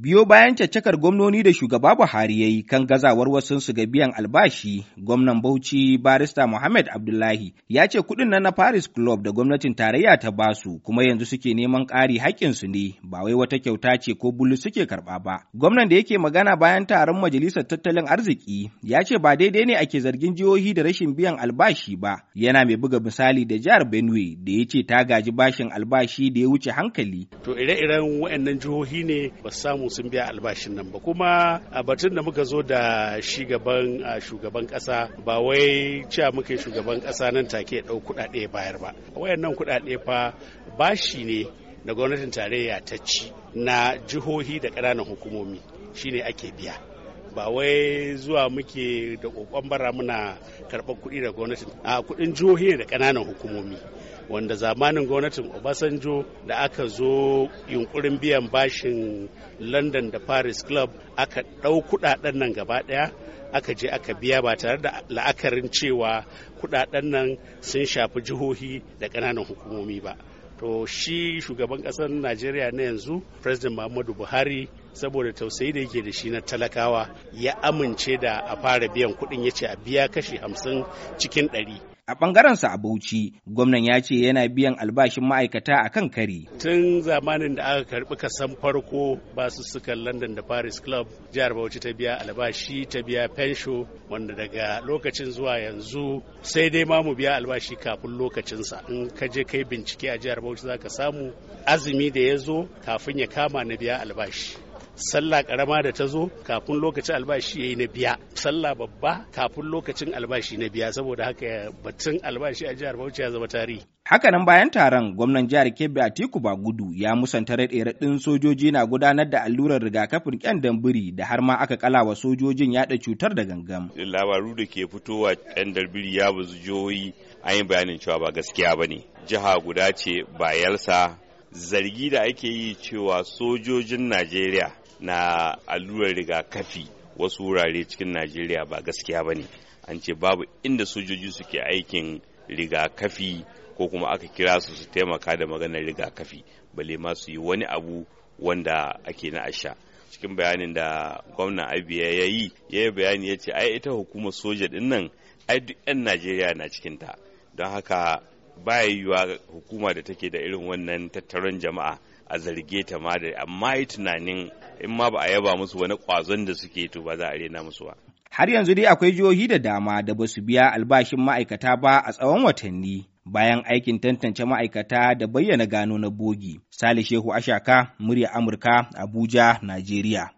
Biyo bayan caccakar gwamnoni da shugaba Buhari ya yi kan gazawar wasu su ga biyan albashi, gwamnan Bauchi barista Muhammad Abdullahi ya ce kuɗin nan na Paris Club da gwamnatin tarayya ta basu kuma yanzu suke neman ƙari haƙƙinsu ne ba wai wata kyauta ce ko bulu suke karɓa ba. Gwamnan da yake magana bayan taron majalisar tattalin arziki ya ce ba daidai ne ake zargin jihohi da rashin biyan albashi ba yana mai buga misali da jihar Benue da ya ce ta gaji bashin albashi da ya wuce hankali. To ire-iren waɗannan jihohi ne ba samu sun biya albashin nan ba kuma a batun da muka zo da shi gaban shugaban kasa ba wai cewa muka shugaban kasa nan take ɗau kuɗaɗe bayar ba wayannan kuɗaɗe fa bashi ne da gwamnatin tarayya ta ci na jihohi da ƙananan hukumomi shine ake biya ba wai zuwa muke da kokon bara muna karɓar kuɗi da gwamnati a kuɗin jihohi da ƙananan hukumomi wanda zamanin gwamnatin obasanjo da aka zo yunkurin biyan bashin london da paris club aka ɗau kuɗaɗen nan gaba ɗaya aka je aka biya ba tare da la'akarin cewa kuɗaɗen nan sun shafi jihohi da ƙananan hukumomi ba to shi shugaban ƙasar najeriya na yanzu president muhammadu buhari saboda tausayi da yake da shi na talakawa ya amince da a fara biyan kuɗin ya ce a biya kashi hamsin cikin ɗari A ɓangarensa a Bauchi, gwamnan ya ce yana biyan albashin ma'aikata a kan kari. Tun zamanin da aka karɓi kasan farko ba su suka London da Paris Club, jihar Bauchi ta biya albashi ta biya fensho wanda daga lokacin zuwa yanzu sai dai ma mu biya albashi kafin lokacinsa. In ka je kai bincike a jihar Bauchi za ka samu azumi da ya zo kafin ya kama na biya albashi. sallah karama da ta zo kafin lokacin albashi ya yi na biya sallah babba kafin lokacin albashi na biya saboda haka batun albashi a jihar Bauchi ya zama tarihi Hakanan bayan taron gwamnan jihar Kebbi Atiku Bagudu ya musanta raɗe-raɗin sojoji na gudanar da allurar rigakafin kyan dambiri da har ma aka kalawa sojojin yaɗa cutar da gangam. Labaru da ke fitowa kyan dambiri ya bazu jihohi an yi bayanin cewa ba gaskiya ba ne. Jiha guda ce bayelsa zargi da ake yi cewa sojojin Najeriya na allurar rigakafi wasu wurare cikin najeriya ba gaskiya ba ne an ce babu inda sojoji suke aikin rigakafi ko kuma aka kira su su taimaka da maganar rigakafi bale ma su yi wani abu wanda ake na asha cikin bayanin da gwamnan abiya ya yi ya yi bayani ya ce ai ita hukumar soja din nan ai duk 'yan najeriya na cikinta don haka baya yiwuwa hukuma da take da irin wannan tattaron jama'a a zarge ta ma da amma yi tunanin in ma ba a yaba musu wani kwazon da suke to ba za a rena musu ba. Har yanzu dai akwai jihohi da dama da ba su biya albashin ma'aikata ba a tsawon watanni bayan aikin tantance ma'aikata da bayyana gano na bogi. Sale Shehu Ashaka, murya Amurka, Abuja, Najeriya.